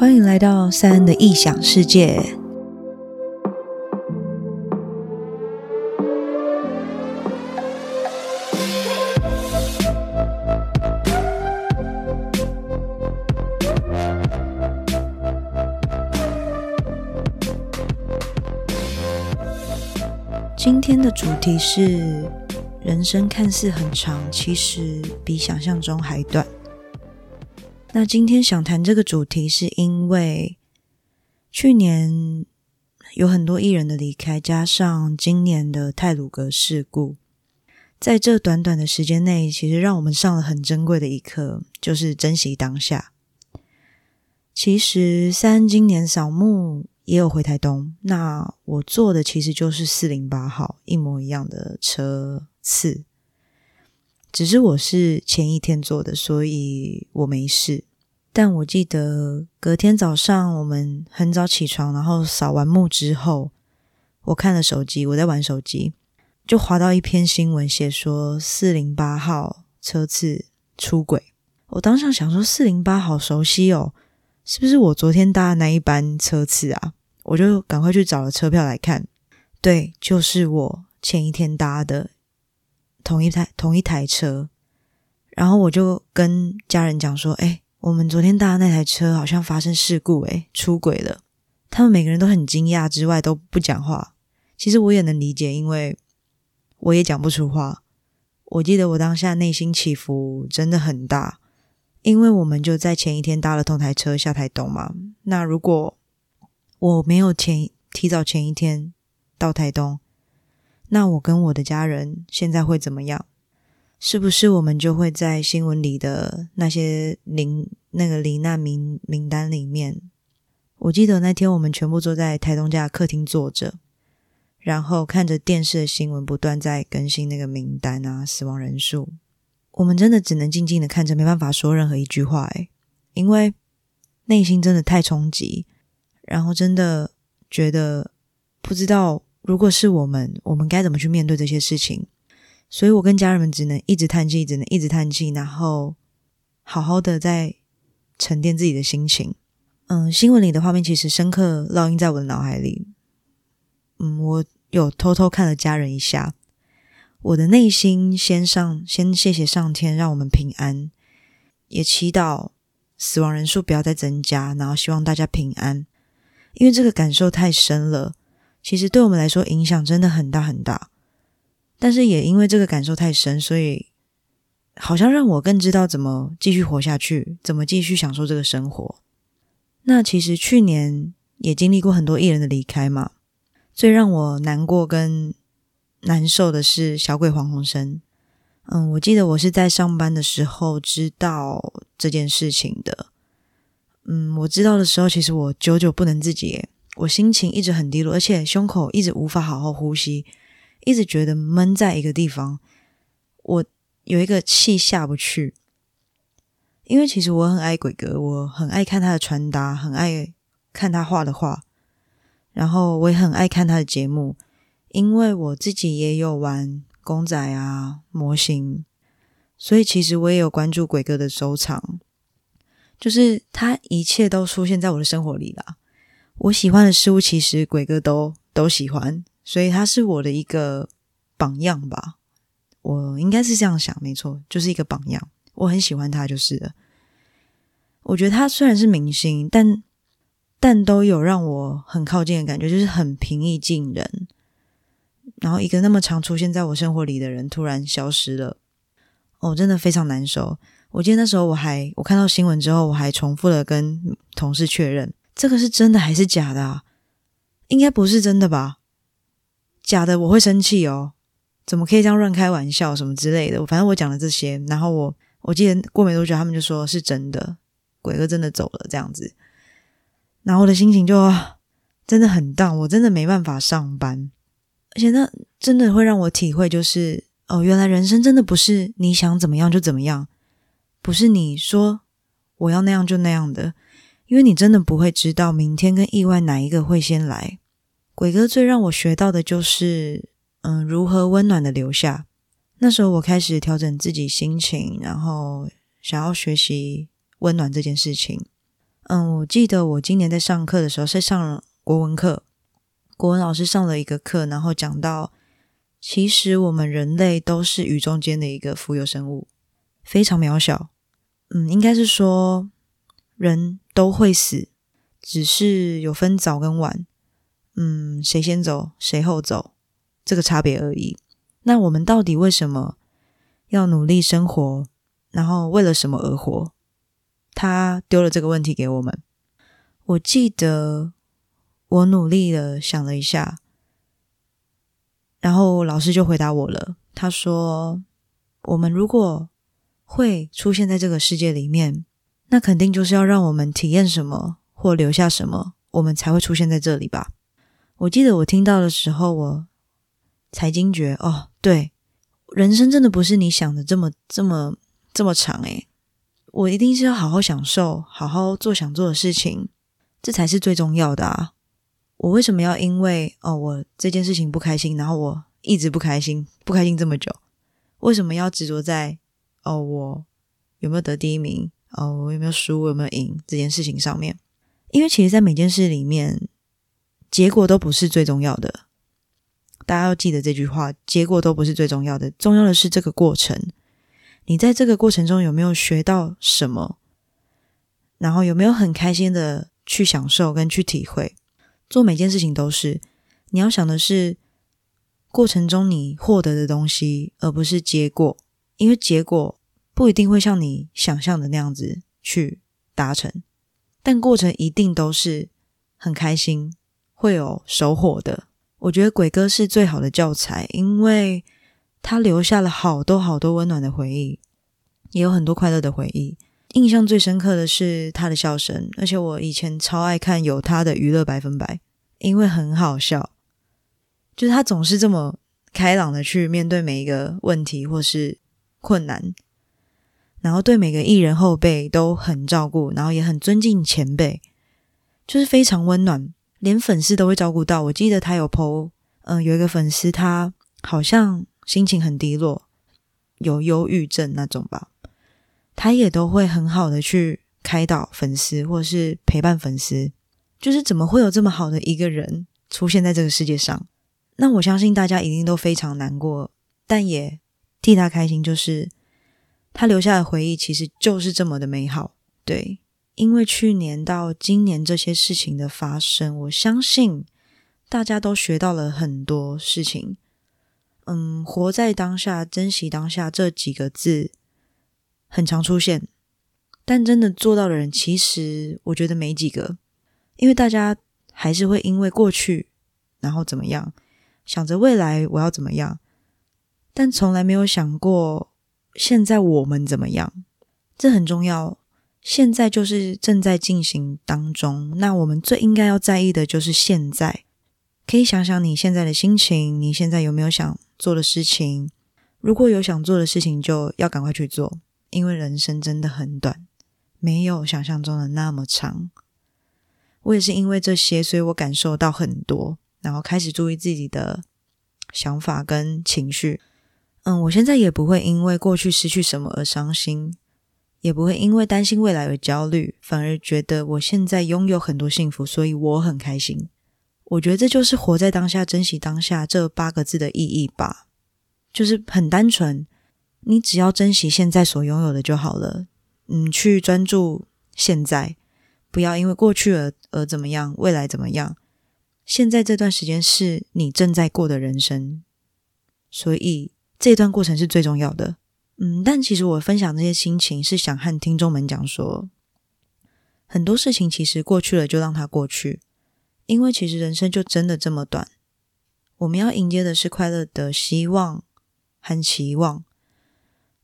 歡迎來到賽恩的異想世界。今天的主題是：人生看似很長，其實比想象中還短。那今天想談這個主題，是因為去年有很多藝人的離開，加上今年的太魯閣事故，在這短短的時間內，其實讓我們上了很珍貴的一課，就是珍惜當下。其實三今年掃墓也有回台東，那我坐的其實就是四零八號一模一樣的車次。只是我是前一天坐的，所以我沒事。但我記得隔天早上我們很早起床，然後掃完墓之後，我看了手機，我在玩手機，就滑到一篇新聞，寫說四零八號車次出軌。我當下想說四零八好熟悉哦，是不是我昨天搭的那一班車次啊？我就趕快去找了車票來看，對，就是我前一天搭的。同一台，同一台車，然後我就跟家人講說：“哎、欸，我們昨天搭的那台車好像發生事故，哎，出軌了。”他們每個人都很驚訝之外，都不講話。其實我也能理解，因為我也講不出話。我記得我當下內心起伏真的很大，因為我們就在前一天搭了同台車下台東嘛。那如果我沒有前，提早前一天到台東，那我跟我的家人現在會怎麼樣？是不是我們就會在新聞裡的那些林那個罹難名名單裡面？我記得那天我們全部坐在台東家客廳坐着，然後看着電視的新聞不斷在更新那個名單啊、死亡人數。我們真的只能靜靜的看着，沒辦法說任何一句話，誒，因為內心真的太衝擊，然後真的覺得不知道。如果是我們，我們該怎麼去面對這些事情？所以我跟家人們只能一直嘆氣，只能一直嘆氣，然後好好的再沉澱自己的心情。嗯，新聞裡的畫面其實深刻烙印在我的腦海裡。嗯，我有偷偷看了家人一下。我的內心先上，先謝謝上天讓我們平安，也祈禱死亡人數不要再增加，然後希望大家平安，因為這個感受太深了。其實對我們來說影響真的很大很大，但是也因為這個感受太深，所以好像讓我更知道怎麼繼續活下去，怎麼繼續享受這個生活。那其實去年也經歷過很多藝人的離開嘛，最讓我難過跟難受的是小鬼黃鴻升。嗯，我記得我是在上班的時候知道這件事情的。嗯，我知道的時候，其實我久久不能自己。我心情一直很低落，而且胸口一直無法好好呼吸，一直覺得悶在一個地方。我有一個氣下不去，因為其實我很愛鬼哥，我很愛看他的穿搭，很愛看他畫的畫，然後我也很愛看他的節目，因為我自己也有玩公仔啊、模型，所以其實我也有關注鬼哥的收藏，就是他一切都出現在我的生活裡了。我喜歡的事物，其實鬼哥都都喜歡，所以他是我的一個榜樣吧。我應該是這樣想，沒錯，就是一個榜樣。我很喜歡他，就是了。我覺得他雖然是明星，但但都有讓我很靠近的感覺，就是很平易近人。然後一個那麼常出現在我生活裡的人突然消失了，我、哦、真的非常難受。我記得那時候我還我看到新聞之後，我還重複的跟同事確認。這個是真的還是假的啊？應該不是真的吧？假的我會生氣哦，怎麼可以這樣亂開玩笑什麼之類的？我反正我講了這些，然後我我記得過沒多久，他們就說是真的，鬼哥真的走了這樣子，然後我的心情就真的很 down，我真的沒辦法上班，而且那真的會讓我體會就是哦，原來人生真的不是你想怎麼樣就怎麼樣，不是你說我要那樣就那樣的。因為你真的不會知道明天跟意外哪一個會先來。鬼哥最讓我學到的就是，嗯，如何溫暖的留下。那時候我開始調整自己心情，然後想要學習溫暖這件事情。嗯，我記得我今年在上課的時候在上國文課，國文老師上了一個課，然後講到，其實我們人類都是宇宙間的一個浮遊生物，非常渺小。嗯，應該是說人。都會死，只是有分早跟晚，嗯，誰先走誰後走，這個差別而已。那我們到底為什麼要努力生活，然後為了什麼而活？他丟了這個問題給我們。我記得我努力的想了一下，然後老師就回答我了。他說：“我們如果會出現在這個世界裡面，”那肯定就是要讓我們體驗什麼或留下什麼，我們才會出現在這裡吧。我記得我聽到的時候，我才驚覺哦，對，人生真的不是你想的這麼這麼這麼長誒。我一定是要好好享受，好好做想做的事情，這才是最重要的啊。我為什麼要因為哦我這件事情不開心，然後我一直不開心，不開心這麼久？為什麼要執着在哦我有沒有得第一名？哦，我有沒有輸？我有沒有贏？這件事情上面，因為其實，在每件事裡面，結果都不是最重要的。大家要記得這句話：結果都不是最重要的，重要的是這個過程。你在這個過程中有沒有學到什麼？然後有沒有很開心的去享受跟去體會？做每件事情都是，你要想的是過程中你獲得的東西，而不是結果，因為結果。不一定會像你想象的那樣子去達成，但過程一定都是很開心，會有收穫的。我覺得鬼哥是最好的教材，因為他留下了好多好多溫暖的回憶，也有很多快樂的回憶。印象最深刻的是他的笑聲，而且我以前超愛看有他的娛樂百分百，因為很好笑，就是他總是這麼開朗的去面對每一個問題或是困難。然後對每個藝人後輩都很照顧，然後也很尊敬前輩，就是非常溫暖，連粉絲都會照顧到。我記得他有 po，嗯，有一個粉絲他好像心情很低落，有憂鬱症那種吧，他也都會很好的去開導粉絲或是陪伴粉絲。就是怎麼會有這麼好的一個人出現在這個世界上？那我相信大家一定都非常難過，但也替他開心，就是。他留下的回憶其實就是這麼的美好，對。因為去年到今年這些事情的發生，我相信大家都學到了很多事情。嗯，活在當下、珍惜當下這幾個字，很常出現，但真的做到的人其實我覺得沒幾個，因為大家還是會因為過去，然後怎麼樣，想着未來我要怎麼樣，但從來沒有想過。現在我們怎麼樣？這很重要。現在就是正在進行當中，那我們最應該要在意的就是現在。可以想想你現在的心情，你現在有沒有想做的事情？如果有想做的事情，就要趕快去做，因為人生真的很短，沒有想象中的那麼長。我也是因為這些，所以我感受到很多，然後開始注意自己的想法跟情緒。嗯，我現在也不會因為過去失去什麼而傷心，也不會因為擔心未來而焦慮，反而覺得我現在擁有很多幸福，所以我很開心。我覺得這就是活在當下、珍惜當下這八個字的意義吧。就是很單純，你只要珍惜現在所擁有的就好了。嗯，去專注現在，不要因為過去而而怎麼樣，未來怎麼樣。現在這段時間是你正在過的人生，所以。這段過程是最重要的，嗯，但其實我分享這些心情是想和聽眾們講說，很多事情其實過去了就讓它過去，因為其實人生就真的這麼短，我們要迎接的是快樂的希望和期望，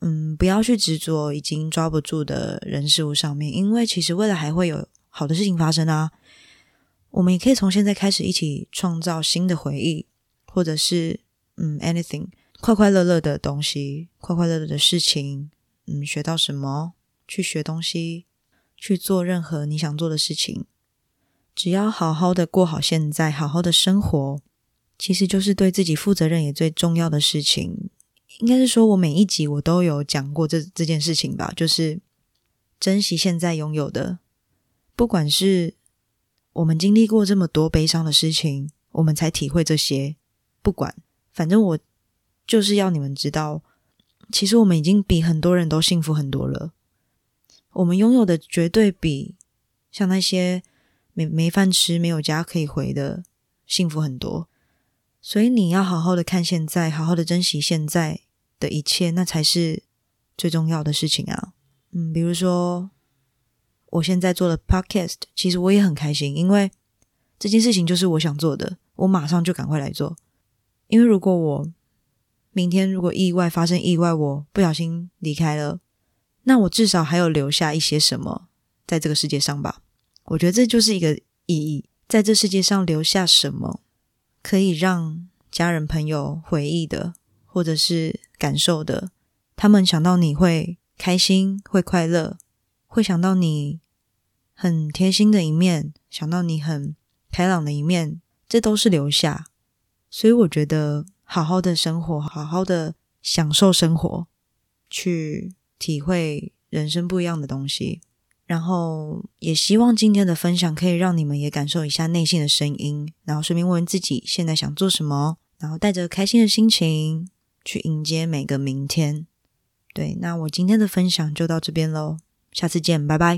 嗯，不要去執着已經抓不住的人事物上面，因為其實未來還會有好的事情發生啊，我們也可以從現在開始一起創造新的回憶，或者是嗯，anything。快快樂樂的東西，快快樂樂的事情，嗯，學到什麼？去學東西，去做任何你想做的事情。只要好好的過好現在，好好的生活，其實就是對自己負責任也最重要的事情。應該是說我每一集我都有講過這這件事情吧，就是珍惜現在擁有的。不管是我們經歷過這麼多悲傷的事情，我們才體會這些。不管，反正我。就是要你們知道，其實，我們已經比很多人都幸福很多了。我們擁有的絕對比像那些沒沒飯吃，沒有家可以回的幸福很多。所以你要好好的看現在，好好的珍惜現在的一切，那才是最重要的事情啊。嗯，比如說我現在做的 podcast，其實我也很開心，因為這件事情就是我想做的，我馬上就趕快來做。因為如果我明天如果意外發生意外，我不小心離開了，那我至少還有留下一些什麼在這個世界上吧？我覺得這就是一個意義，在這世界上留下什麼可以讓家人朋友回憶的，或者是感受的，他們想到你會開心，會快樂，會想到你很貼心的一面，想到你很開朗的一面，這都是留下。所以我覺得。好好的生活，好好的享受生活，去體會人生不一樣的東西。然後，也希望今天的分享可以讓你們也感受一下內心的聲音，然後順便問問自己現在想做什麼，然後帶着開心的心情去迎接每個明天。對，那我今天的分享就到這邊嘍，下次見，拜拜。